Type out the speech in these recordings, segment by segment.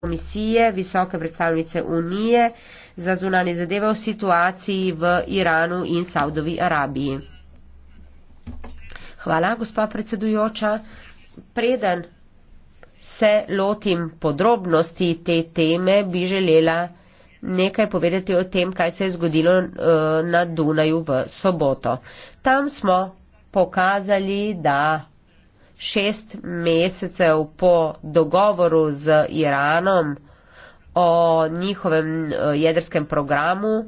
komisije, visoke predstavnice Unije za zunanje zadeve o situaciji v Iranu in Saudovi Arabiji. Hvala, gospa predsedujoča. Preden se lotim podrobnosti te teme, bi želela nekaj povedati o tem, kaj se je zgodilo eh, na Dunaju v soboto. Tam smo pokazali, da šest mesecev po dogovoru z Iranom o njihovem e, jedrskem programu,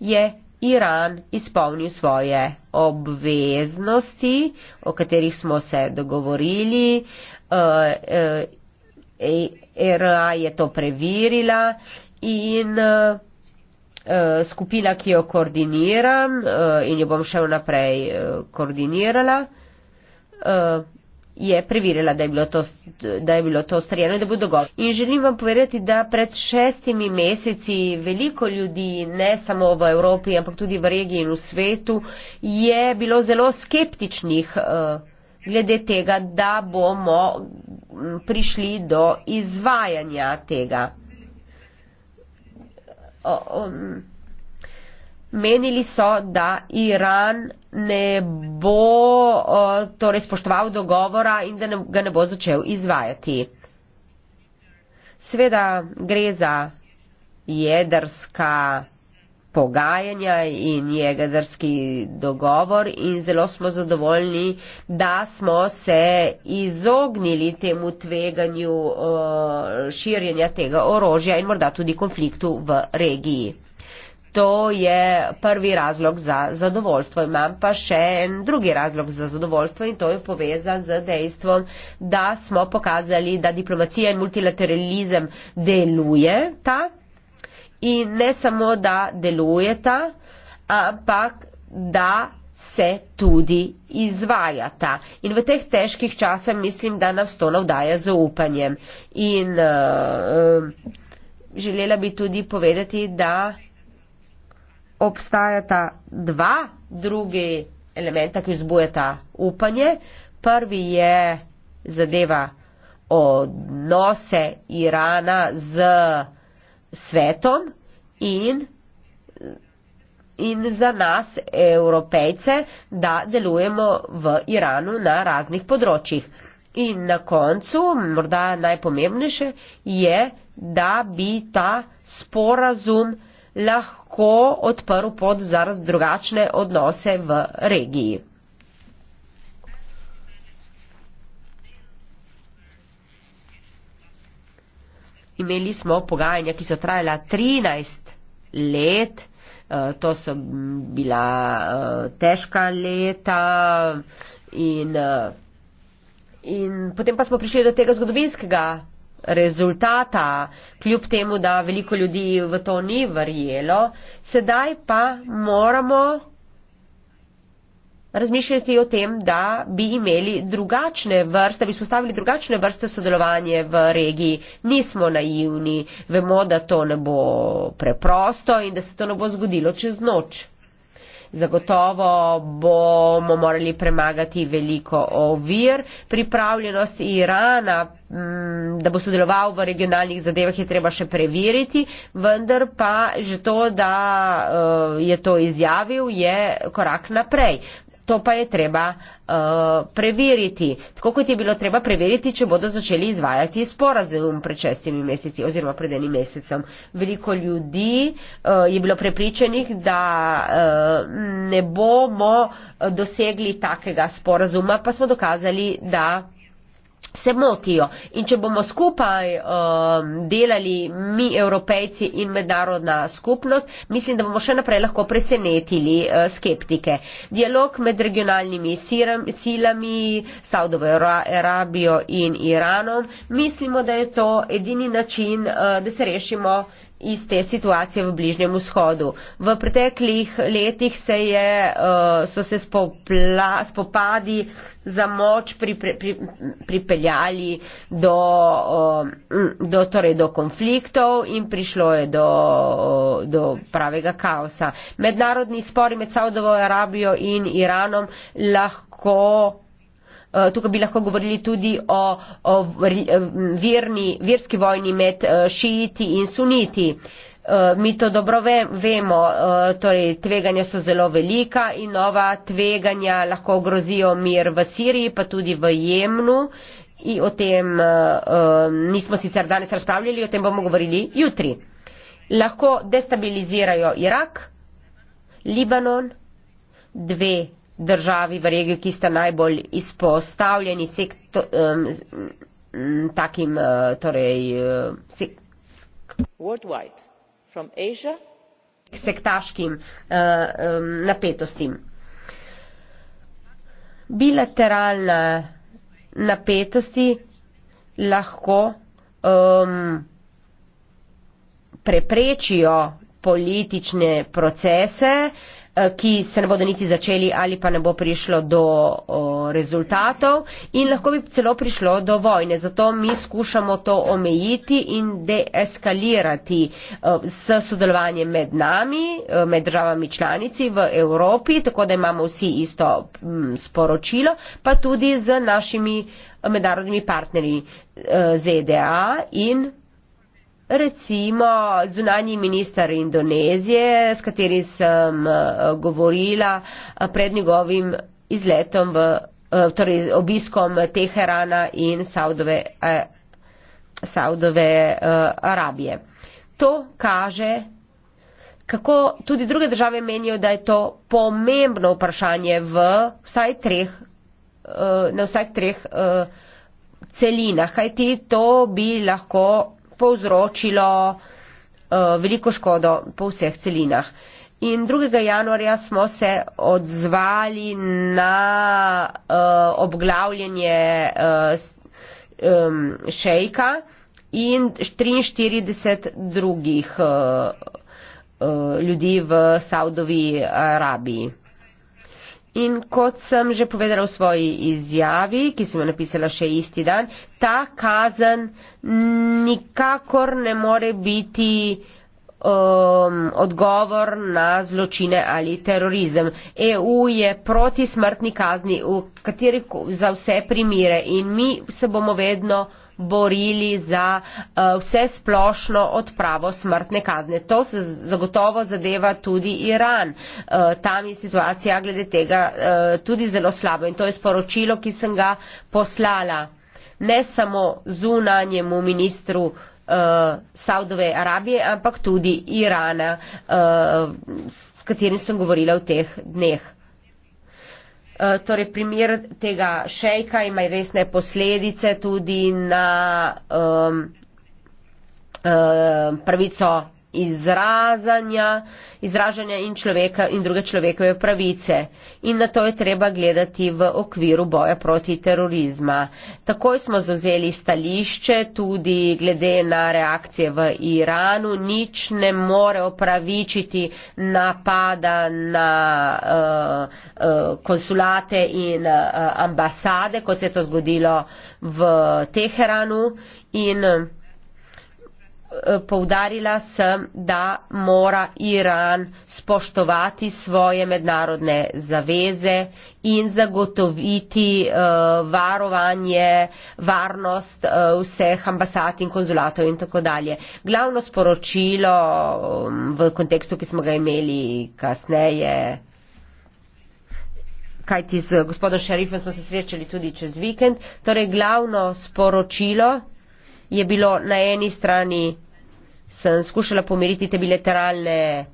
je Iran izpolnil svoje obveznosti, o katerih smo se dogovorili. ERA e, e je to preverila in skupina, ki jo koordiniram in jo bom še vnaprej koordinirala, uh, je preverila, da je bilo to, da je bilo to strjeno in da bo dogovor. In želim vam povedati, da pred šestimi meseci veliko ljudi, ne samo v Evropi, ampak tudi v regiji in v svetu, je bilo zelo skeptičnih. Uh, glede tega, da bomo mm, prišli do izvajanja tega. O, o, mm, Menili so, da Iran ne bo uh, torej spoštoval dogovora in da ne, ga ne bo začel izvajati. Sveda gre za jedrska pogajanja in jedrski dogovor in zelo smo zadovoljni, da smo se izognili temu tveganju uh, širjenja tega orožja in morda tudi konfliktu v regiji. To je prvi razlog za zadovoljstvo. Imam pa še en drugi razlog za zadovoljstvo in to je povezan z dejstvom, da smo pokazali, da diplomacija in multilateralizem delujeta in ne samo, da delujeta, ampak da se tudi izvajata. In v teh težkih časih mislim, da nas to navdaja z upanjem. In uh, želela bi tudi povedati, da obstajata dva druge elementa, ki vzbujata upanje. Prvi je zadeva odnose Irana z svetom in, in za nas, evropejce, da delujemo v Iranu na raznih področjih. In na koncu, morda najpomembnejše, je, da bi ta sporazum lahko odprl pot za drugačne odnose v regiji. Imeli smo pogajanja, ki so trajala 13 let, eh, to so bila eh, težka leta in, eh, in potem pa smo prišli do tega zgodovinskega rezultata, kljub temu, da veliko ljudi v to ni verjelo, sedaj pa moramo razmišljati o tem, da bi imeli drugačne vrste, bi spostavili drugačne vrste sodelovanje v regiji. Nismo naivni, vemo, da to ne bo preprosto in da se to ne bo zgodilo čez noč. Zagotovo bomo morali premagati veliko ovir. Pripravljenost Irana, mm, da bo sodeloval v regionalnih zadevah, je treba še preveriti, vendar pa že to, da eh, je to izjavil, je korak naprej to pa je treba uh, preveriti. Tako kot je bilo treba preveriti, če bodo začeli izvajati sporazum pred šestimi meseci oziroma pred enim mesecem. Veliko ljudi uh, je bilo prepričanih, da uh, ne bomo dosegli takega sporazuma, pa smo dokazali, da se motijo. In če bomo skupaj uh, delali mi, evropejci in mednarodna skupnost, mislim, da bomo še naprej lahko presenetili uh, skeptike. Dialog med regionalnimi siram, silami, Saudovo Arabijo in Iranom, mislimo, da je to edini način, uh, da se rešimo iz te situacije v Bližnjem vzhodu. V preteklih letih se je, eh, so se spopla, spopadi za moč pri, pri, pripeljali do, eh, do, torej do konfliktov in prišlo je do, eh, do pravega kaosa. Mednarodni spori med Saudovo Arabijo in Iranom lahko Eh, tukaj bi lahko govorili tudi o, o eh, verni, verski vojni med eh, šijiti in suniti. Mi to dobro vemo, torej tveganja so zelo velika in nova tveganja lahko ogrozijo mir v Siriji, pa tudi v Jemnu. In o tem nismo sicer danes razpravljali, o tem bomo govorili jutri. Lahko destabilizirajo Irak, Libanon, dve državi v regiji, ki sta najbolj izpostavljeni sektor, um, takim, uh, torej, uh, sek Worldwide, from Asia. sektaškim uh, um, napetostim. Bilateralne napetosti lahko um, preprečijo politične procese, uh, Eh, ki se ne bodo niti začeli ali pa ne bo prišlo do o, rezultatov in lahko bi celo prišlo do vojne. Zato mi skušamo to omejiti in deeskalirati s sodelovanjem med nami, med državami članici v Evropi, tako da imamo vsi isto m, sporočilo, pa tudi z našimi mednarodnimi partnerji eh, ZDA in Recimo zunani minister Indonezije, s katerim sem eh, govorila eh, pred njegovim izletom v eh, torej obiskom Teherana in Saudove, eh, Saudove eh, Arabije. To kaže, kako tudi druge države menijo, da je to pomembno vprašanje v vsaj treh, eh, na vsaj treh eh, celinah, kajti to bi lahko povzročilo eh, veliko škodo po vseh celinah. In 2. januarja smo se odzvali na eh, obglavljanje eh, šejka in 43 drugih ljudi v Saudovi Arabiji. In kot sem že povedala v svoji izjavi, ki sem jo napisala še isti dan, ta kazen nikakor ne more biti um, odgovor na zločine ali terorizem. EU je proti smrtni kazni v kateri, za vse primire in mi se bomo vedno borili za eh, vse splošno odpravo smrtne kazne. To se zagotovo zadeva tudi Iran. Eh, tam je situacija glede tega eh, tudi zelo slaba in to je sporočilo, ki sem ga poslala ne samo zunanjemu ministru Saudove Arabije, ampak tudi Irana, s katerim sem govorila v teh dneh. Eh, torej, primer tega šejka ima resne posledice tudi na um, um, pravico izražanja, izražanja in človeka in druge človekove pravice. In na to je treba gledati v okviru boja proti terorizma. Takoj smo zauzeli stališče tudi glede na reakcije v Iranu. Nič ne more opravičiti napada na uh, uh, konsulate in uh, ambasade, kot se je to zgodilo v Teheranu. In, uh, Eh, poudarila sem, da mora Iran spoštovati svoje mednarodne zaveze in zagotoviti uh, varovanje, varnost uh, vseh ambasad in konzulatov in tako dalje. Glavno sporočilo um, v kontekstu, ki smo ga imeli kasneje, kajti z gospodom Šerifom smo se srečali tudi čez vikend, torej glavno sporočilo je bilo na eni strani, sem skušala pomiriti te bilateralne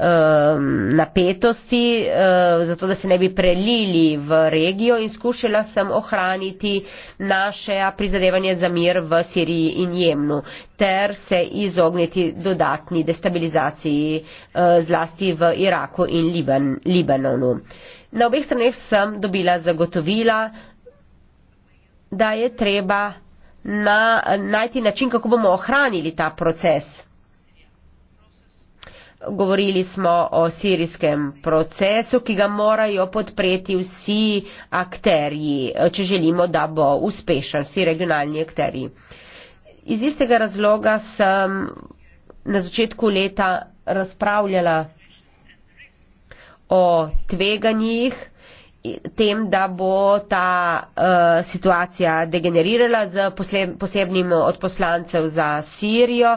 um, napetosti, um, zato da se ne bi prelili v regijo in skušala sem ohraniti naše prizadevanje za mir v Siriji in Jemnu ter se izogniti dodatni destabilizaciji uh, zlasti v Iraku in Liban, Libanonu. Na obeh straneh sem dobila zagotovila, da je treba na, najti način, kako bomo ohranili ta proces. Govorili smo o sirijskem procesu, ki ga morajo podpreti vsi akterji, če želimo, da bo uspešen, vsi regionalni akterji. Iz istega razloga sem na začetku leta razpravljala o tveganjih tem, da bo ta uh, situacija degenerirala z posebnim odposlancev za Sirijo,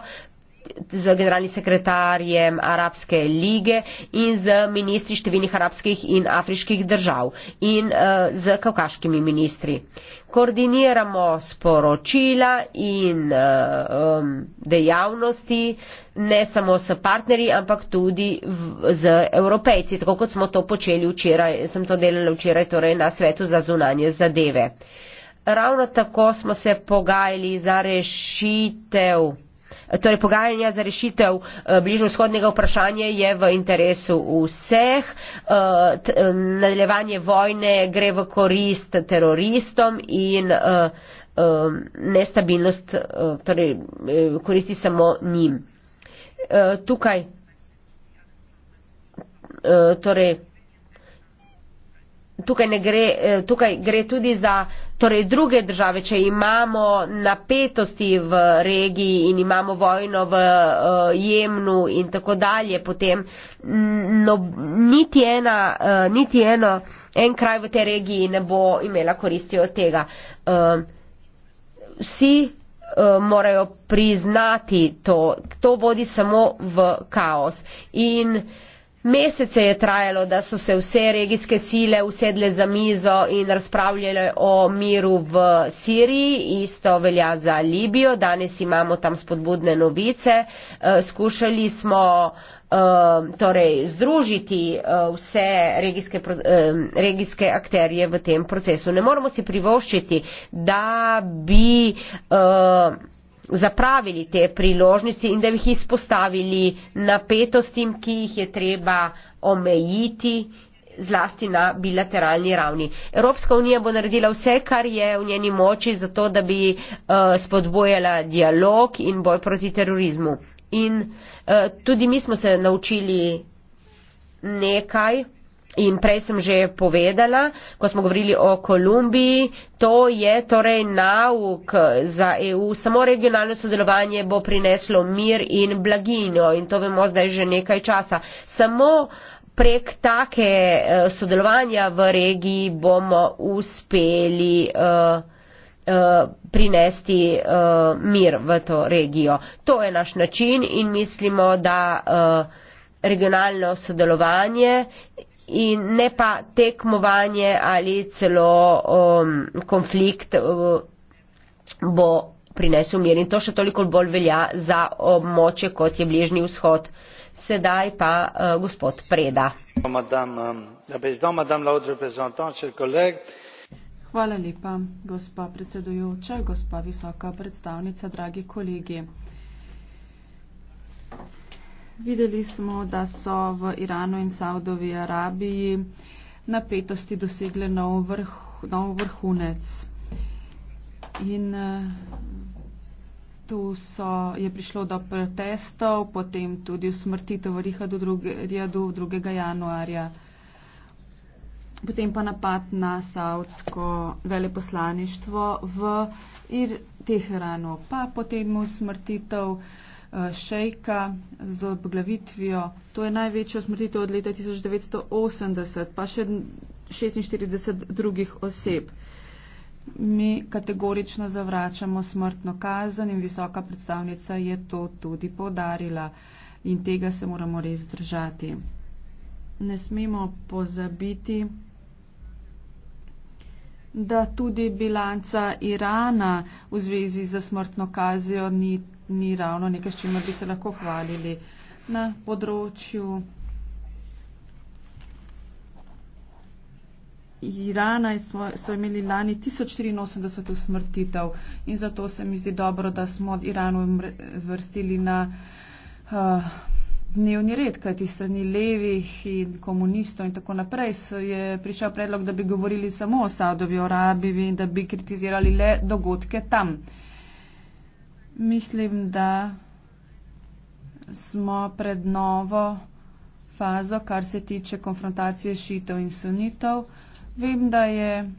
z generalnim sekretarjem Arabske lige in z ministri številnih arabskih in afriških držav in uh, z kavkaškimi ministri. Koordiniramo sporočila in uh, um, dejavnosti ne samo s partnerji, ampak tudi v, z evropejci, tako kot smo to počeli včeraj, sem to delala včeraj torej na svetu za zunanje zadeve. Ravno tako smo se pogajali za rešitev Torej, pogajanja za rešitev eh, bližnjovzhodnega vprašanja je v interesu vseh. Eh, eh, nadaljevanje vojne gre v korist teroristom in nestabilnost torej, koristi samo njim. Tukaj. Torej, tukaj, ne gre, eh, tukaj gre tudi za torej druge države, če imamo napetosti v regiji in imamo vojno v uh, Jemnu in tako dalje, potem no, niti, ena, uh, niti eno, en kraj v tej regiji ne bo imela koristi od tega. Uh, vsi morajo priznati to. To vodi samo v kaos. In uh, Mesece je trajalo, da so se vse regijske sile usedle za mizo in razpravljale o miru v Siriji, isto velja za Libijo, danes imamo tam spodbudne novice. Eh, skušali smo eh, torej, združiti eh, vse regijske, regijske akterje v tem procesu. Ne moramo si privoščiti, da bi zapravili te priložnosti in da bi jih izpostavili napetostim, ki jih je treba omejiti zlasti na bilateralni ravni. Evropska unija bo naredila vse, kar je v njeni moči, zato da bi uh, eh, spodbojala dialog in boj proti terorizmu. In uh, tudi mi smo se naučili nekaj In prej sem že povedala, ko smo govorili o Kolumbiji, to je torej nauk za EU. Samo regionalno sodelovanje bo prineslo mir in blaginjo in to vemo zdaj že nekaj časa. Samo prek take eh, sodelovanja v regiji bomo uspeli eh, eh, prinesti mir v to regijo. To je naš način in mislimo, da regionalno sodelovanje in ne pa tekmovanje ali celo um, konflikt um, bo prinesel mir in to še toliko bolj velja za območje, kot je bližnji vzhod. Sedaj pa uh, gospod Preda. Um, Hvala lepa, gospa predsedujoča, gospa visoka predstavnica, dragi kolegi. Videli smo, da so v Iranu in Saudovi Arabiji napetosti dosegle nov, vrh, nov vrhunec. In eh, tu so, je prišlo do protestov, potem tudi usmrtitev v Rihadu 2. januarja, potem pa napad na saudsko veleposlaništvo v Ir Teheranu, pa potem usmrtitev. Eh, šejka z obglavitvijo. To je največja usmrtitev od leta 1980, pa še 46 drugih oseb. Mi kategorično zavračamo smrtno kazen in visoka predstavnica je to tudi podarila in tega se moramo res držati. Ne smemo pozabiti, da tudi bilanca Irana v zvezi z smrtno kazijo ni ni ravno nekaj, s čimer bi se lahko hvalili na področju Irana smo, so imeli lani 1084 usmrtitev in zato se mi zdi dobro, da smo Iranu vrstili na uh, dnevni red, kajti strani levih in komunistov in tako naprej so je prišel predlog, da bi govorili samo o Saudovi Arabiji in da bi kritizirali le dogodke tam. Uh, Mislim, da smo pred novo fazo, kar se tiče konfrontacije šitev in sunitev. Vem, da je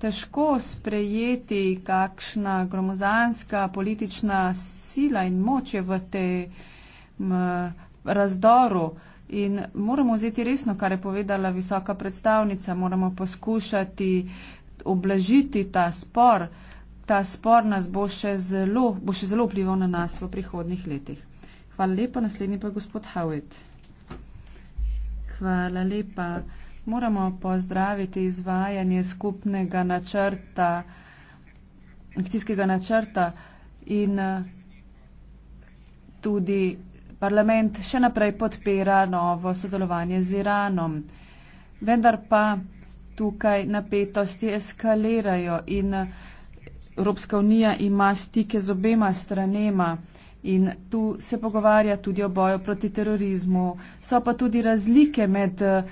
težko sprejeti, kakšna gromozanska politična sila in moč je v tem razdoru. In moramo vzeti resno, kar je povedala visoka predstavnica, moramo poskušati oblažiti ta spor ta spor nas bo še zelo, bo še zelo vplival na nas v prihodnih letih. Hvala lepa, naslednji pa gospod Howitt. Hvala lepa. Moramo pozdraviti izvajanje skupnega načrta, akcijskega načrta in tudi parlament še naprej podpira novo sodelovanje z Iranom. Vendar pa tukaj napetosti eskalirajo in Evropska unija ima stike z obema stranema in tu se pogovarja tudi o boju proti terorizmu. So pa tudi razlike med eh,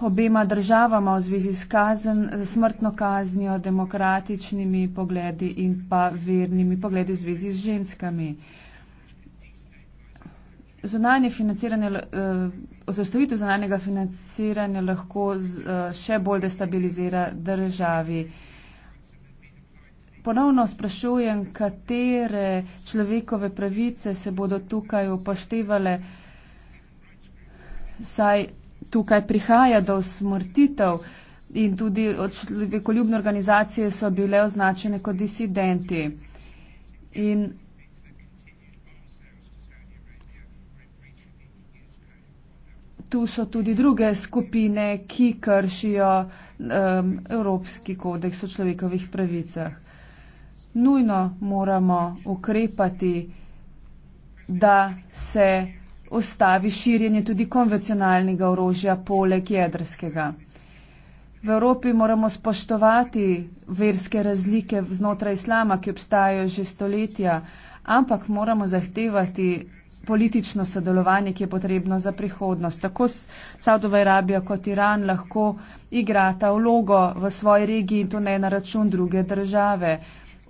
obema državama v zvezi s kazen, smrtno kaznjo, demokratičnimi pogledi in pa vernimi pogledi v zvezi z ženskami. Zunanje financiranje, eh, zastavitev zunanjega financiranja lahko z, eh, še bolj destabilizira državi. Eh, ponovno sprašujem, katere človekove pravice se bodo tukaj upoštevale, saj tukaj prihaja do smrtitev in tudi od človekoljubne organizacije so bile označene kot disidenti. In Tu so tudi druge skupine, ki kršijo um, Evropski kodeks o človekovih pravicah nujno moramo ukrepati, da se ostavi širjenje tudi konvencionalnega orožja poleg jedrskega. V Evropi moramo spoštovati verske razlike znotraj islama, ki obstajajo že stoletja, ampak moramo zahtevati politično sodelovanje, ki je potrebno za prihodnost. Tako Saudova Arabija kot Iran lahko igrata vlogo v svoji regiji in to ne na račun druge države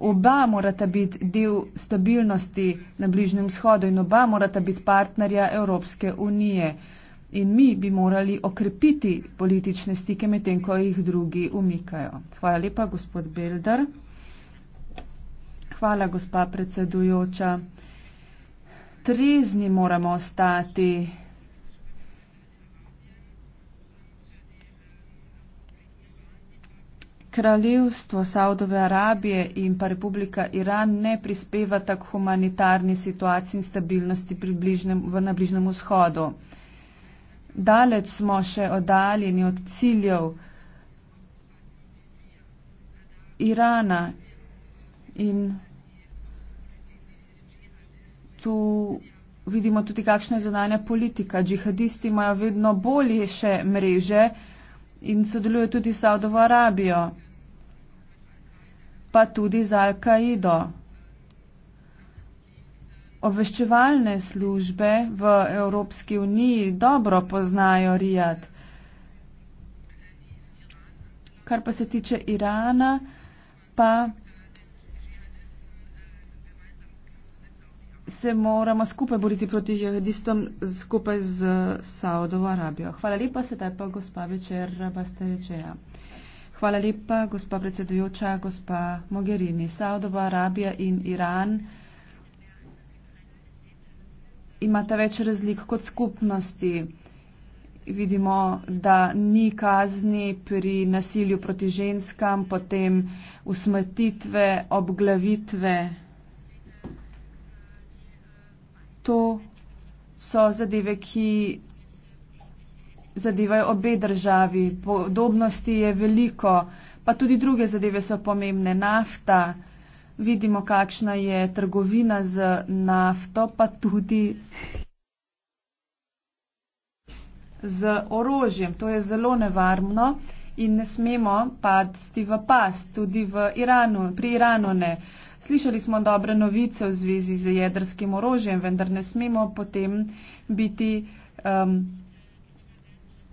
oba morata biti del stabilnosti na Bližnjem vzhodu in oba morata biti partnerja Evropske unije. In mi bi morali okrepiti politične stike medtem, ko jih drugi umikajo. Hvala lepa, gospod Belder. Hvala, gospa predsedujoča. Trezni moramo ostati. kraljevstvo Saudove Arabije in pa Republika Iran ne prispevata k humanitarni situaciji in stabilnosti bližnem, v Bližnem vzhodu. Daleč smo še oddaljeni od ciljev Irana in tu vidimo tudi, kakšna je zunanja politika. Džihadisti imajo vedno boljše mreže in sodelujejo tudi s Saudovo Arabijo pa tudi za Al-Kaido. Obveščevalne službe v Evropski uniji dobro poznajo Rijad. Kar pa se tiče Irana, pa se moramo skupaj boriti proti jihadistom skupaj z Saudovo Arabijo. Hvala lepa, sedaj pa gospa večer, bastarečeja. Hvala lepa, gospa predsedujoča, gospa Mogherini. Saudova Arabija in Iran imata več razlik kot skupnosti. Vidimo, da ni kazni pri nasilju proti ženskam, potem usmrtitve, obglavitve. To so zadeve, ki zadevajo obe državi, podobnosti je veliko, pa tudi druge zadeve so pomembne. Nafta, vidimo, kakšna je trgovina z nafto, pa tudi z orožjem. To je zelo nevarno in ne smemo padsti v past, tudi v Iranu, pri Iranu ne. Slišali smo dobre novice v zvezi z jedrskim orožjem, vendar ne smemo potem biti. Um,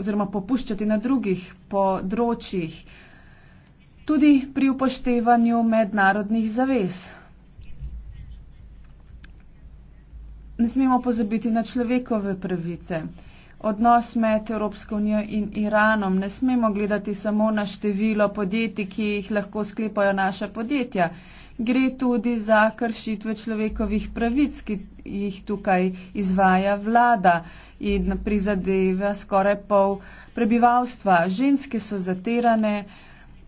oziroma popuščati na drugih področjih, tudi pri upoštevanju mednarodnih zavez. Ne smemo pozabiti na človekove pravice. Odnos med Evropsko unijo in Iranom ne smemo gledati samo na število podjetij, ki jih lahko sklepajo naša podjetja gre tudi za kršitve človekovih pravic, ki jih tukaj izvaja vlada in prizadeva skoraj pol prebivalstva. Ženske so zaterane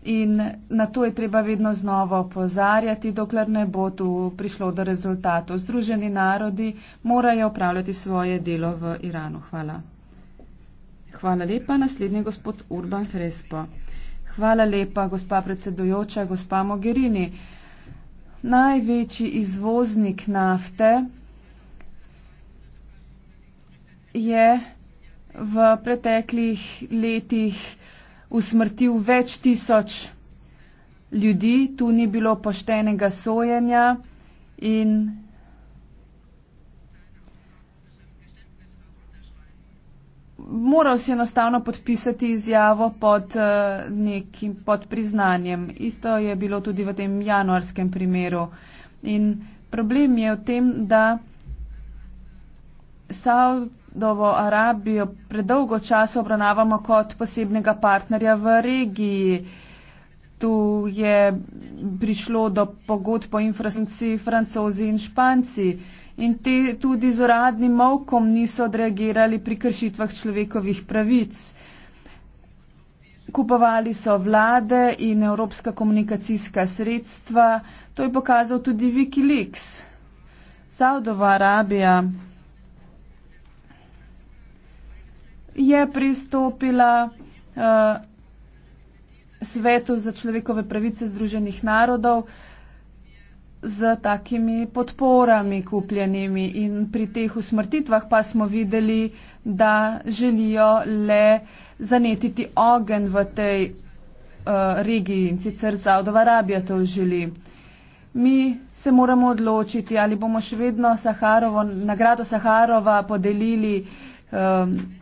in na to je treba vedno znova opozarjati, dokler ne bo tu prišlo do rezultatov. Združeni narodi morajo upravljati svoje delo v Iranu. Hvala. Hvala lepa. Naslednji gospod Urban Krespo. Hvala lepa, gospa predsedujoča, gospa Mogherini največji izvoznik nafte je v preteklih letih usmrtil več tisoč ljudi, tu ni bilo poštenega sojenja in moral si enostavno podpisati izjavo pod, eh, nekim, pod priznanjem. Isto je bilo tudi v tem januarskem primeru. In problem je v tem, da Saudovo Arabijo predolgo časa obravnavamo kot posebnega partnerja v regiji. Uh, tu je prišlo do pogodb po infrastrukciji francozi in španci in te tudi z uradnim molkom niso odreagirali pri kršitvah človekovih pravic. Kupovali so vlade in evropska komunikacijska sredstva, to je pokazal tudi Wikileaks. Saudova Arabija je pristopila uh, eh, svetu za človekove pravice Združenih narodov z takimi podporami kupljenimi. In pri teh usmrtitvah pa smo videli, da želijo le zanetiti ogen v tej uh, regiji, sicer Zaudova Arabija to želi. Mi se moramo odločiti, ali bomo še vedno Saharovo, nagrado Saharova podelili. Uh,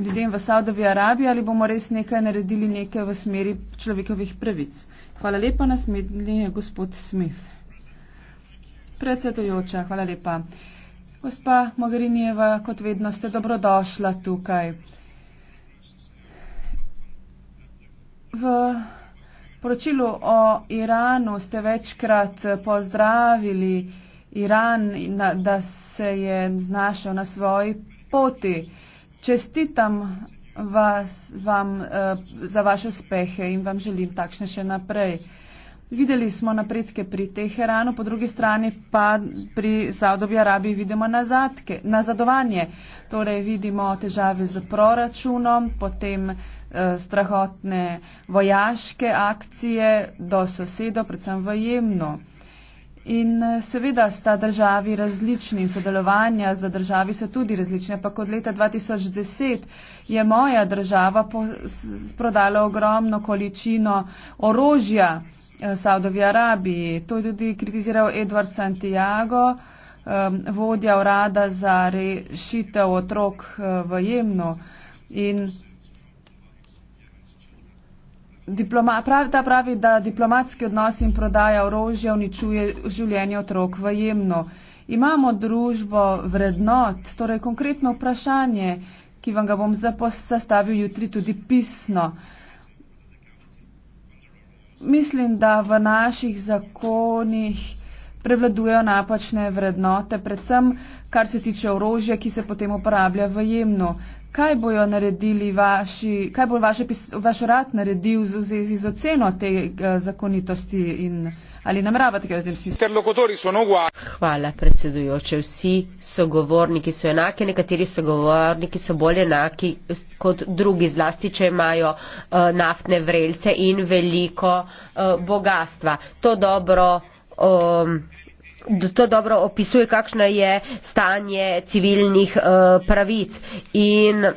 ljudem v Saudovi Arabiji ali bomo res nekaj naredili nekaj v smeri človekovih pravic. Hvala lepa, naslednji je gospod Smith. Predsedujoča, hvala lepa. Gospa Mogherinijeva, kot vedno ste dobrodošla tukaj. V poročilu o Iranu ste večkrat pozdravili Iran, da se je znašel na svoji poti čestitam vas, vam uh, za vaše uspehe in vam želim takšne še naprej. Videli smo napredke pri Teheranu, po drugi strani pa pri Saudovi Arabiji vidimo nazadke, nazadovanje. Torej vidimo težave z proračunom, potem eh, strahotne vojaške akcije do sosedov, predvsem v Jemnu. In eh, seveda sta državi različni, sodelovanja za državi so tudi različne, pa kot leta 2010 je moja država prodala ogromno količino orožja eh, Saudovi Arabiji. To je tudi kritiziral Edward Santiago, ehm, vodja urada za rešitev otrok eh, v Jemnu. In Diploma, prav, ta pravi, da diplomatski odnosi in prodaja orožja uničuje življenje otrok v jemno. Imamo družbo vrednot, torej konkretno vprašanje, ki vam ga bom zastavil jutri tudi pisno. Mislim, da v naših zakonih prevladujejo napačne vrednote, predvsem kar se tiče orožja, ki se potem uporablja v jemno kaj bojo naredili vaši, kaj bo vaše, vaš rad naredil v zvezi z oceno te eh, zakonitosti in ali nameravate kaj v tem smislu? Hvala predsedujoče. Vsi sogovorniki so enaki, nekateri sogovorniki so bolj enaki kot drugi, zlasti, če imajo uh, naftne vrelce in veliko uh, eh, bogatstva. To dobro. Um, to dobro opisuje, kakšno je stanje civilnih eh, pravic. In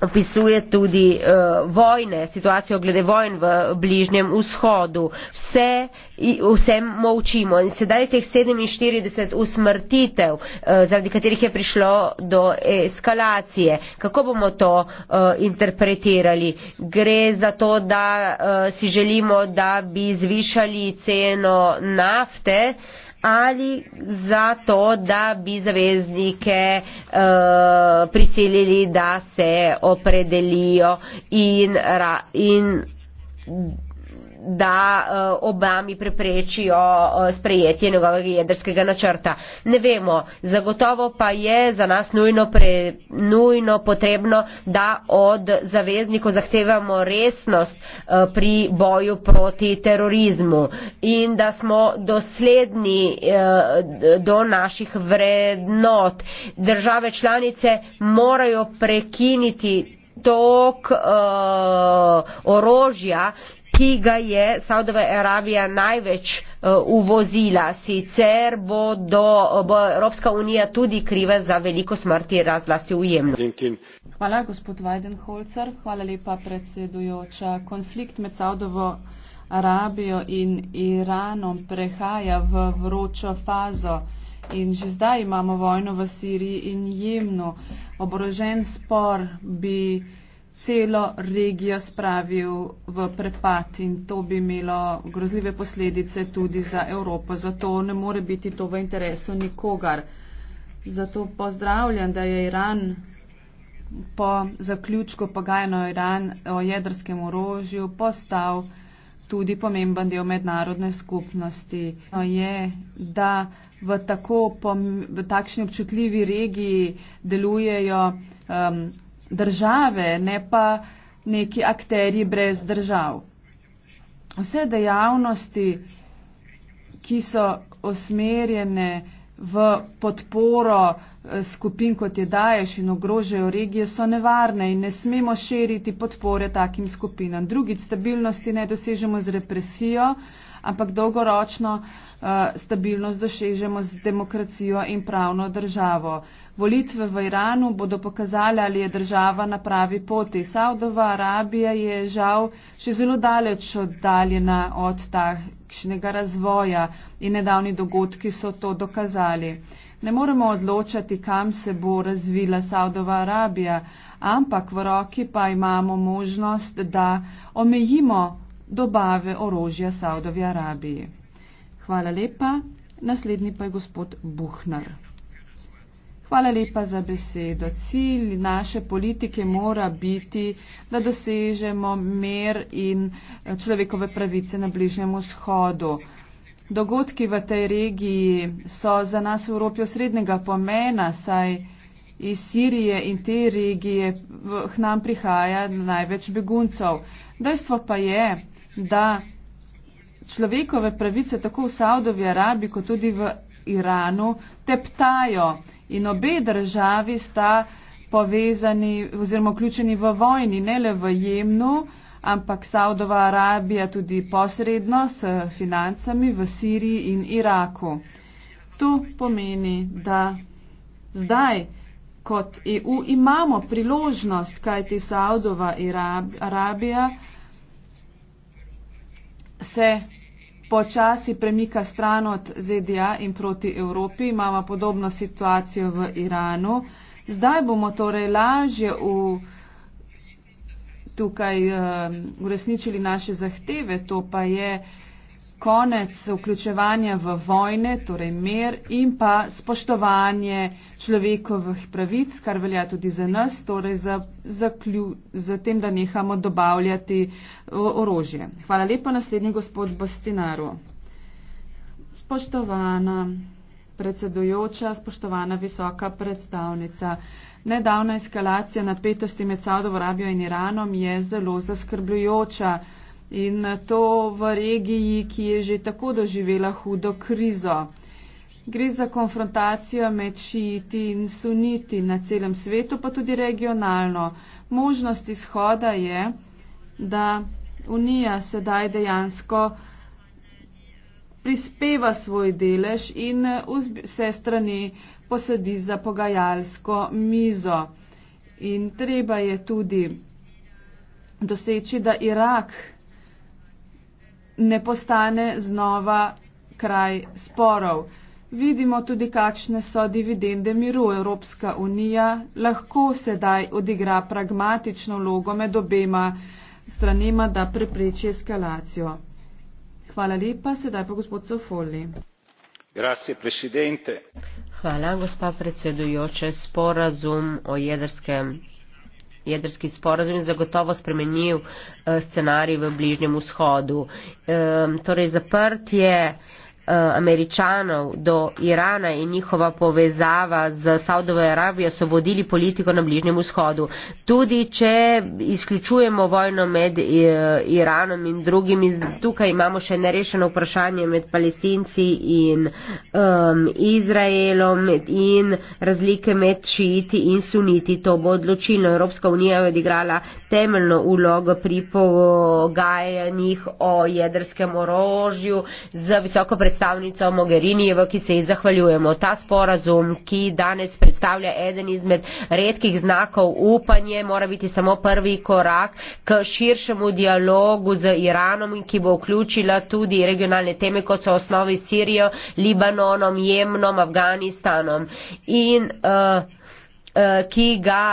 Opisuje tudi uh, vojne, situacijo glede vojn v bližnjem vzhodu. Vse, vse močimo. In sedaj teh 47 usmrtitev, uh, zaradi katerih je prišlo do eskalacije. Kako bomo to uh, interpretirali? Gre za to, da uh, si želimo, da bi zvišali ceno nafte. Uh, ali za to, da bi zaveznike uh, prisilili, da se opredelijo in, ra, in da eh, Obami preprečijo eh, sprejetje njegovega jedrskega načrta. Ne vemo, zagotovo pa je za nas nujno, pre, nujno potrebno, da od zaveznikov zahtevamo resnost eh, pri boju proti terorizmu in da smo dosledni do naših vrednot. Države članice morajo prekiniti tok uh, orožja, ki ga je Saudova Arabija največ eh, uvozila. Sicer bo, do, eh, bo Evropska unija tudi kriva za veliko smrti razlasti v Jemnu. Hvala, gospod Weidenholzer. Hvala lepa, predsedujoča. Konflikt med Saudovo Arabijo in Iranom prehaja v vročo fazo. In že zdaj imamo vojno v Siriji in Jemnu. Oborožen spor bi celo regijo spravil v prepad in to bi imelo grozljive posledice tudi za Evropo. Zato ne more biti to v interesu nikogar. Zato pozdravljam, da je Iran po zaključku pogajanja Iran o jedrskem orožju postal tudi pomemben del mednarodne skupnosti. Je, da v, tako, v takšni občutljivi regiji delujejo um, države, ne pa neki akteri brez držav. Vse dejavnosti, ki so osmerjene v podporo eh, skupin kot je Daješ in ogrožajo regije, so nevarne in ne smemo širiti podpore takim skupinam. Drugič, stabilnosti ne dosežemo z represijo. Uh, ampak dolgoročno eh, stabilnost dosežemo z demokracijo in pravno državo. Volitve v Iranu bodo pokazali, ali je država na pravi poti. Saudova Arabija je žal še zelo daleč oddaljena od takšnega razvoja in nedavni dogodki so to dokazali. Ne moremo odločati, kam se bo razvila Saudova Arabija, ampak v roki pa imamo možnost, da omejimo dobave orožja Saudovi Arabiji. Hvala lepa. Naslednji pa je gospod Buhner. Hvala lepa za besedo. Cilj naše politike mora biti, da dosežemo mer in človekove pravice na Bližnjem vzhodu. Dogodki v tej regiji so za nas v Evropi osrednjega pomena, saj iz Sirije in te regije k nam prihaja največ beguncev. Dejstvo pa je, da človekove pravice tako v Saudovi Arabiji kot tudi v Iranu teptajo in obe državi sta povezani oziroma vključeni v vojni, ne le v Jemnu, ampak Saudova Arabija tudi posredno s financami v Siriji in Iraku. To pomeni, da zdaj kot EU imamo priložnost, kaj ti Saudova Arabija se počasi premika stran od ZDA in proti Evropi. Imamo podobno situacijo v Iranu. Zdaj bomo torej lažje v, tukaj uh, uresničili naše zahteve. To pa je uh, konec vključevanja v vojne, torej mer in pa spoštovanje človekovih pravic, kar velja tudi za nas, torej za, za, klju, za tem, da nehamo dobavljati orožje. Hvala lepa, naslednji gospod Bastinaru. Spoštovana predsedujoča, spoštovana visoka predstavnica. Nedavna eskalacija napetosti med Saudovo Arabijo in Iranom je zelo zaskrbljujoča in to v regiji, ki je že tako doživela hudo krizo. Gre za konfrontacijo med šiiti in suniti na celem svetu, pa tudi regionalno. Možnost izhoda je, da Unija sedaj dejansko prispeva svoj delež in vse strani posedi za pogajalsko mizo. In treba je tudi doseči, da Irak ne postane znova kraj sporov. Vidimo tudi, kakšne so dividende miru. Evropska unija lahko sedaj odigra pragmatično vlogo med obema stranima, da prepreči eskalacijo. Hvala lepa, sedaj pa gospod Sofoli. Grazie, presidente. Hvala, gospa predsedujoča. Sporazum o jedrskem jedrski sporozum in zagotovo spremenil eh, scenarij v Bližnjem vzhodu. Torej, zaprtje. Eh, američanov do Irana in njihova povezava z Saudovo Arabijo so vodili politiko na Bližnjem vzhodu. Tudi če izključujemo vojno med eh, Iranom in drugimi, tukaj imamo še nerešeno vprašanje med palestinci in um, Izraelom in razlike med šiiti in suniti. To bo odločilno. Evropska unija je odigrala temeljno ulogo pri pogajanjih o jedrskem orožju z visoko predstavljanjem predstavnico Mogherinijevo, ki se ji zahvaljujemo. Ta sporazum, ki danes predstavlja eden izmed redkih znakov upanje, mora biti samo prvi korak k širšemu dialogu z Iranom, ki bo vključila tudi regionalne teme, kot so osnovi Sirijo, Libanonom, Jemnom, Afganistanom. In, uh, Eh, ki ga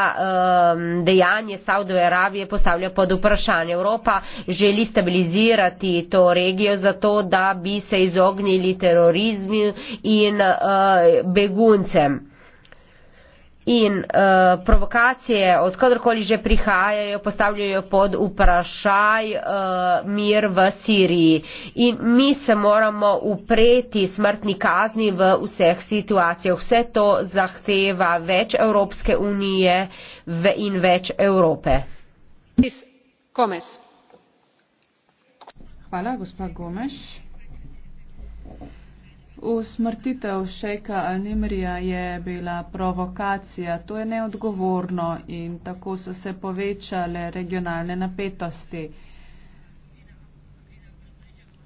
eh, dejanje Saudove Arabije postavlja pod vprašanje. Evropa želi stabilizirati to regijo zato, da bi se izognili terorizmi in eh, beguncem in uh, provokacije, odkudkoli že prihajajo, postavljajo pod vprašaj uh, mir v Siriji. In mi se moramo upreti smrtni kazni v vseh situacijah. Vse to zahteva več Evropske unije in več Evrope. Hvala, gospod Gomes. Usmrtitev šejka Al-Nimrija je bila provokacija, to je neodgovorno in tako so se povečale regionalne napetosti.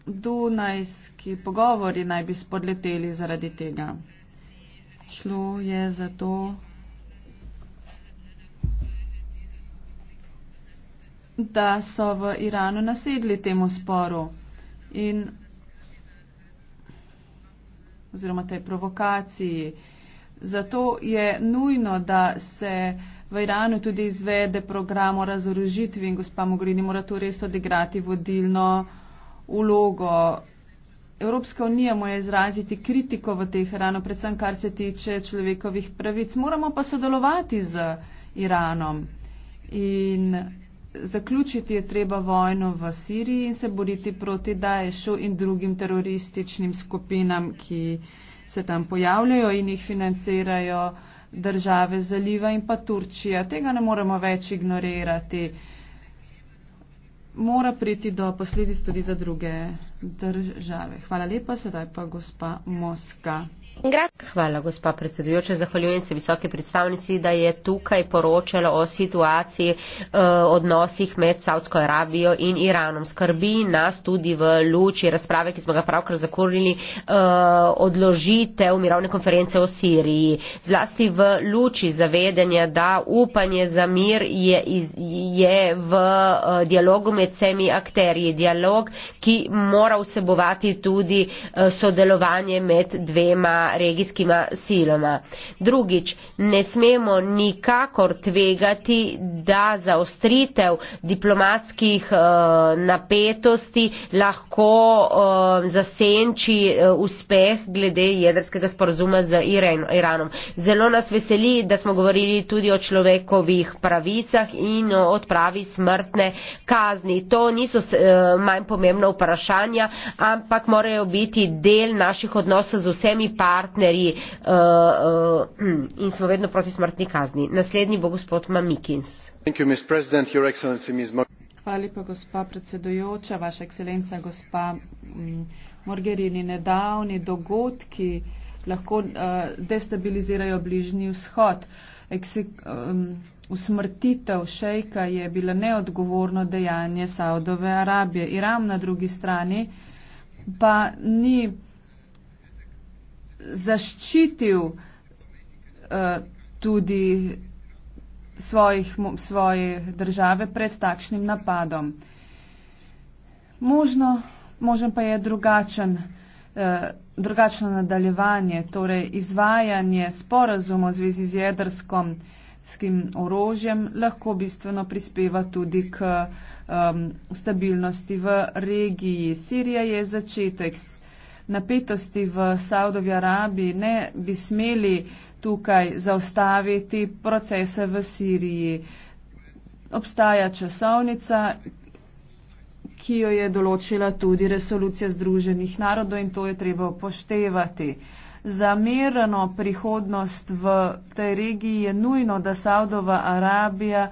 Dunajski pogovori naj bi spodleteli zaradi tega. Šlo je za to, da so v Iranu nasedli temu sporu in oziroma tej provokaciji. Zato je nujno, da se v Iranu tudi izvede program o razorožitvi in gospa Mogrini mora tu res odigrati vodilno ulogo. Evropska unija mora izraziti kritiko v Teheranu, predvsem kar se tiče človekovih pravic. Moramo pa sodelovati z Iranom. In zaključiti je treba vojno v Siriji in se boriti proti Daješu in drugim terorističnim skupinam, ki se tam pojavljajo in jih financirajo države zaliva in pa Turčija. Tega ne moremo več ignorirati. Mora priti do posledic tudi za druge države. Hvala lepa, sedaj pa gospa Moska. Hvala, gospa predsedujoča. Zahvaljujem se visoki predstavnici, da je tukaj poročala o situaciji eh, odnosih med Saudsko Arabijo in Iranom. Skrbi nas tudi v luči razprave, ki smo ga pravkar zakorili, eh, odložite v mirovne konference o Siriji. Zlasti v luči zavedanja, da upanje za mir je, je v eh, dialogu med vsemi akterji. Dialog, ki mora vsebovati tudi sodelovanje med dvema regijskima siloma. Drugič, ne smemo nikakor tvegati, da zaostritev diplomatskih uh, napetosti lahko uh, zasenči uh, uspeh glede jedrskega sporozuma z Iran Iranom. Zelo nas veseli, da smo govorili tudi o človekovih pravicah in o odpravi smrtne kazni. To niso uh, manj pomembna vprašanja, ampak morajo biti del naših odnosov z vsemi partnerji partnerji uh, uh, in smo vedno proti smrtni kazni. Naslednji bo gospod Mamikins. Hvala lepa, gospa predsedujoča, vaša ekscelenca, gospa mm, Morgerini. Nedavni dogodki lahko uh, destabilizirajo bližnji vzhod. Eksik, um, usmrtitev šejka je bila neodgovorno dejanje Saudove Arabije. Iran na drugi strani pa ni zaščitil uh, tudi svojih, svoje države pred takšnim napadom. Možno, možen pa je drugačen, eh, drugačno nadaljevanje, torej izvajanje sporazuma v zvezi z jedrskim orožjem lahko bistveno prispeva tudi k eh, stabilnosti v regiji. Sirija je začetek, napetosti v Saudovi Arabiji ne bi smeli tukaj zaustaviti procese v Siriji. Obstaja časovnica, ki jo je določila tudi resolucija Združenih narodov in to je treba upoštevati. Za mirno prihodnost v tej regiji je nujno, da Saudova Arabija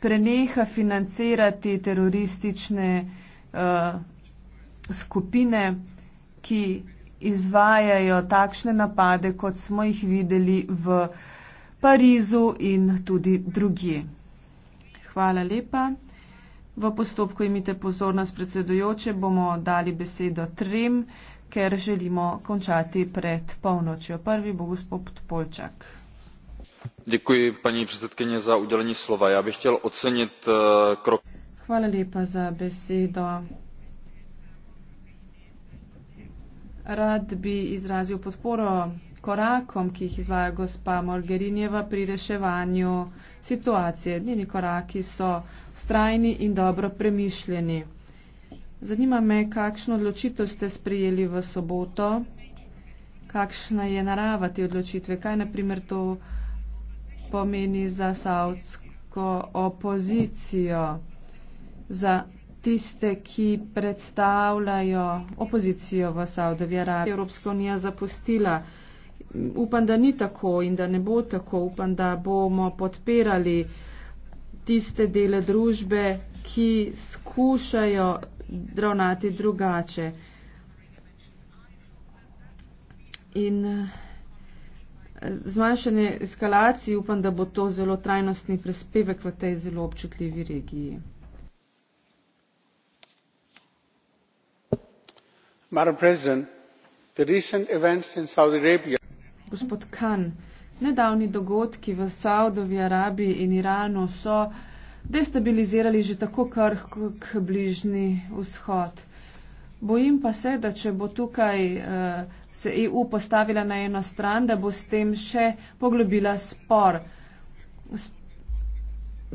preneha financirati teroristične uh, skupine ki izvajajo takšne napade, kot smo jih videli v Parizu in tudi drugi. Hvala lepa. V postopku imite pozornost predsedujoče, bomo dali besedo trem, ker želimo končati pred polnočjo. Prvi bo gospod Polčak. Děkuji, paní předsedkyně, za udělení slova. Já bych chtěl ocenit uh, krok. Hvala lepa za besedo. Rad bi izrazil podporo korakom, ki jih izvaja gospa Morgerinjeva pri reševanju situacije. Njeni koraki so strajni in dobro premišljeni. Zanima me, kakšno odločitev ste sprijeli v soboto, kakšna je narava te odločitve, kaj naprimer to pomeni za savtsko opozicijo, za tiste, ki predstavljajo opozicijo v Saudovi Arabiji. Evropska unija zapustila. Upam, da ni tako in da ne bo tako. Upam, da bomo podpirali tiste dele družbe, ki skušajo ravnati drugače. In eh, zmanjšanje eskalacij, upam, da bo to zelo trajnostni prispevek v tej zelo občutljivi regiji. Gospod Khan, nedavni dogodki v Saudovi Arabiji in Iranu so destabilizirali že tako krhko k bližnji vzhod. Bojim pa se, da če bo tukaj uh, se EU postavila na eno stran, da bo s tem še poglobila spor.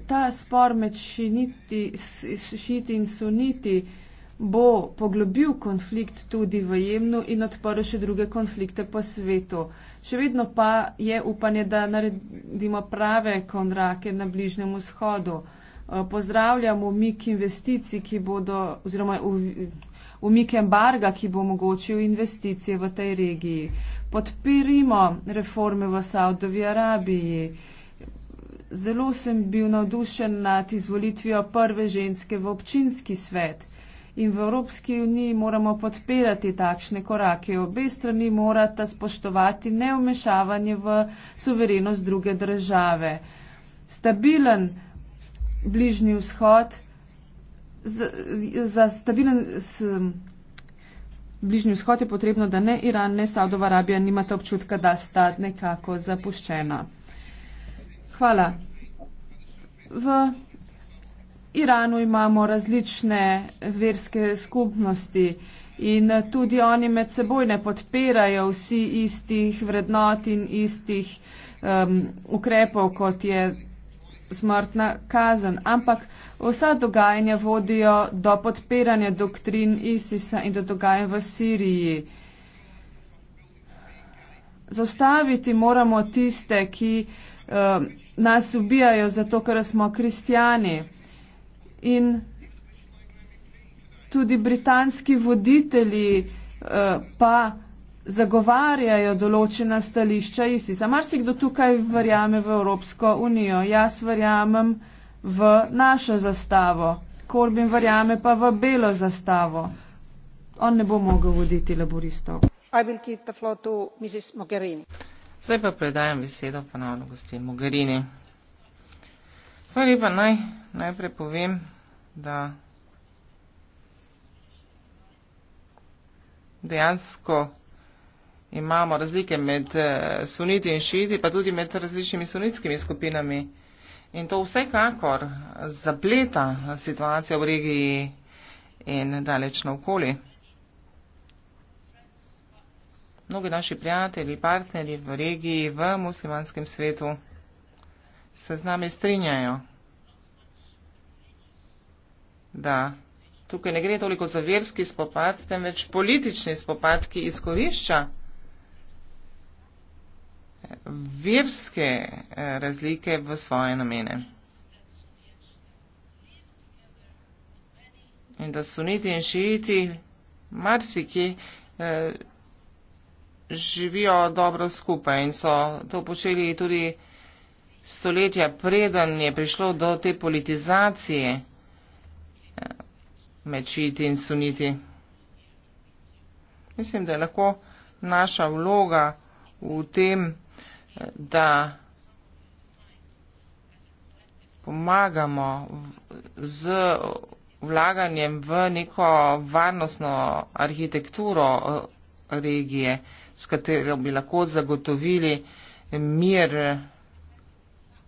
Ta spor med šiniti, šiti in suniti bo poglobil konflikt tudi v Jemnu in odprl še druge konflikte po svetu. Še vedno pa je upanje, da naredimo prave konrake na Bližnjem vzhodu. Eh, pozdravljamo umik investicij, ki bodo, oziroma umik embarga, ki bo omogočil investicije v tej regiji. Podpirimo reforme v Saudovi Arabiji. Zelo sem bil navdušen nad izvolitvijo prve ženske v občinski svet in v Evropski uniji moramo podpirati takšne korake. Obe strani morata spoštovati neomešavanje v suverenost druge države. Stabilen bližnji vzhod, za, za stabilen s, bližnji vzhod je potrebno, da ne Iran, ne Saudova Arabija nimata občutka, da sta nekako zapuščena. Hvala. V Iranu imamo različne verske skupnosti in tudi oni med seboj ne podpirajo vsi istih vrednot in istih um, ukrepov, kot je smrtna kazen. Ampak vsa dogajanja vodijo do podpiranja doktrin ISIS-a in do dogajanj v Siriji. Zostaviti moramo tiste, ki uh, nas ubijajo zato, ker smo kristijani in tudi britanski voditelji uh, pa zagovarjajo določena stališča ISIS. Amar si kdo tukaj verjame v Evropsko unijo? Jaz verjamem v našo zastavo. Korbin verjame pa v belo zastavo. On ne bo mogel voditi laboristov. Zdaj pa predajam besedo ponovno gospe Mogherini. Hvala lepa, naj najprej povem, da dejansko imamo razlike med eh, suniti in šiti, pa tudi med različnimi sunitskimi skupinami. In to vsekakor zapleta situacijo v regiji in daleč na okoli. Mnogi naši prijatelji, partnerji v regiji, v muslimanskem svetu, se z nami strinjajo, da tukaj ne gre toliko za verski spopad, temveč politični spopad, ki izkorišča eh, verske eh, razlike v svoje namene. In da suniti in šijiti marsiki eh, živijo dobro skupaj in so to počeli tudi vsega, stoletja, preden je prišlo do te politizacije eh, med šiti in suniti. Mislim, da je lahko naša vloga v tem, eh, da pomagamo z vlaganjem v neko varnostno arhitekturo eh, regije, s katero bi lahko zagotovili mir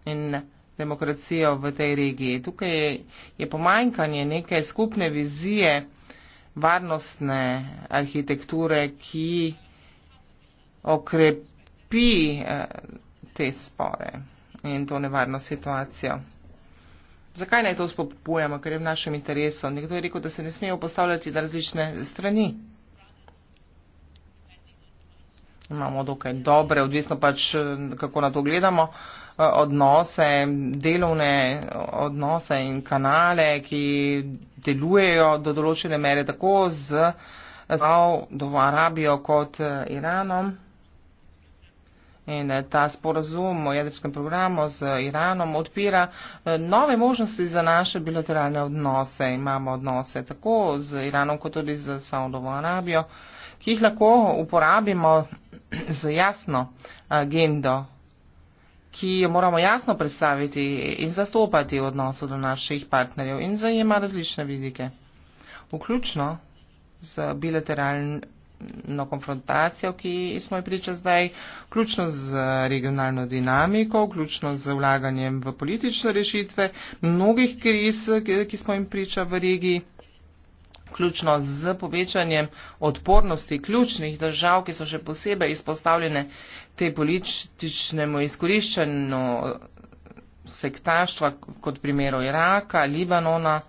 in demokracijo v tej regiji. Tukaj je pomanjkanje neke skupne vizije varnostne arhitekture, ki okrepi eh, te spore in to nevarno situacijo. Zakaj naj to spopujemo, ker je v našem interesu? Nekdo je rekel, da se ne smejo postavljati na različne strani. Imamo dokaj dobre, odvisno pač, eh, kako na to gledamo, uh, odnose, delovne odnose in kanale, ki delujejo do določene mere tako z Saudo Arabijo kot eh, Iranom. In eh, ta sporazum o jedrskem programu z Iranom odpira eh, nove možnosti za naše bilateralne odnose. Imamo odnose tako z Iranom kot tudi z Saudo Arabijo, ki jih lahko uporabimo z jasno agendo ki jo moramo jasno predstaviti in zastopati v odnosu do naših partnerjev in zajema različne vidike. Vključno z bilateralno konfrontacijo, ki smo jo priča zdaj, vključno z regionalno dinamiko, vključno z vlaganjem v politične rešitve mnogih kriz, ki smo jim priča v regiji vključno z povečanjem odpornosti ključnih držav, ki so še posebej izpostavljene te političnemu izkoriščanju sektaštva kot primeru Iraka, Libanona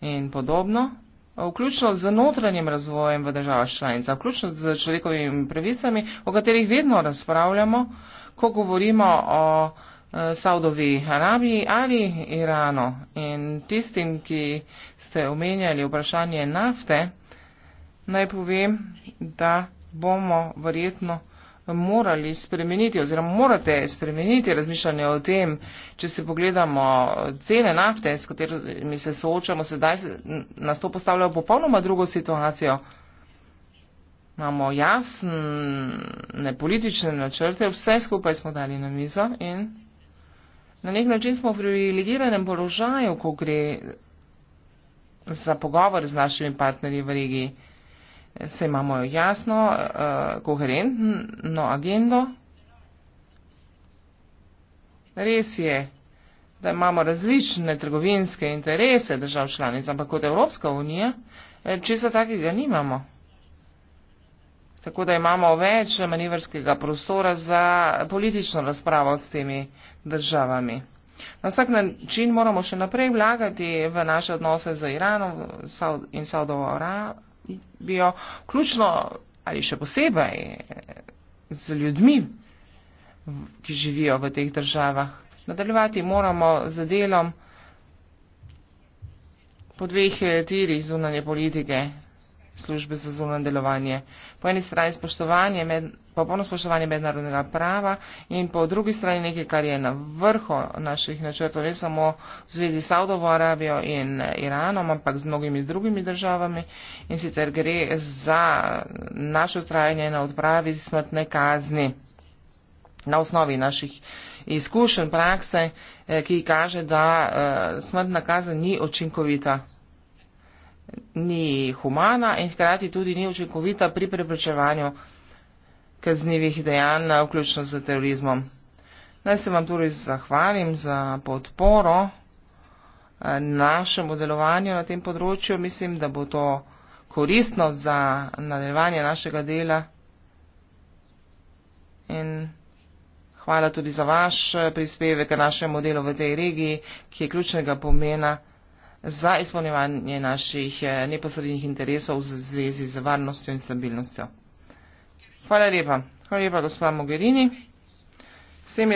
in podobno, vključno z notranjem razvojem v državah članica, vključno z človekovimi pravicami, o katerih vedno razpravljamo, ko govorimo o Eh, Saudovi Arabiji ali Irano. In tistim, ki ste omenjali vprašanje nafte, naj povem, da bomo verjetno morali spremeniti oziroma morate spremeniti razmišljanje o tem, če se pogledamo cene nafte, s katerimi se soočamo, sedaj nas to postavlja v popolnoma drugo situacijo. Imamo jasne politične načrte, vse skupaj smo dali na mizo in Na nek način smo v privilegiranem položaju, ko gre za pogovor z našimi partnerji v regiji. Se imamo jasno, eh, koherentno agendo. Res je, da imamo različne trgovinske interese držav članic, ampak kot Evropska unija, eh, česa takega nimamo. Ni Tako da imamo več manevrskega prostora za politično razpravo s temi državami. Na vsak način moramo še naprej vlagati v naše odnose z Iranom in Saudovo Arabijo, ključno ali še posebej z ljudmi, ki živijo v teh državah. Nadaljevati moramo z delom po dveh tirih zunanje politike, službe za zunanje delovanje. Po eni strani spoštovanje med, popolno spoštovanje mednarodnega prava in po drugi strani nekaj, kar je na vrhu naših načrtov, ne samo v zvezi s Saudovo Arabijo in Iranom, ampak z mnogimi drugimi državami in sicer gre za naše ustrajanje na odpravi smrtne kazni na osnovi naših izkušenj prakse, eh, ki kaže, da eh, smrtna kazen ni očinkovita ni humana in hkrati tudi ni učinkovita pri preprečevanju kaznjivih dejanj, vključno z terorizmom. Naj se vam torej zahvalim za podporo eh, našemu delovanju na tem področju. Mislim, da bo to koristno za nadaljevanje našega dela. In hvala tudi za vaš prispevek našemu delu v tej regiji, ki je ključnega pomena za izpolnjevanje naših eh, neposrednih interesov v zvezi z varnostjo in stabilnostjo. Hvala lepa. Hvala lepa, gospa Mogherini.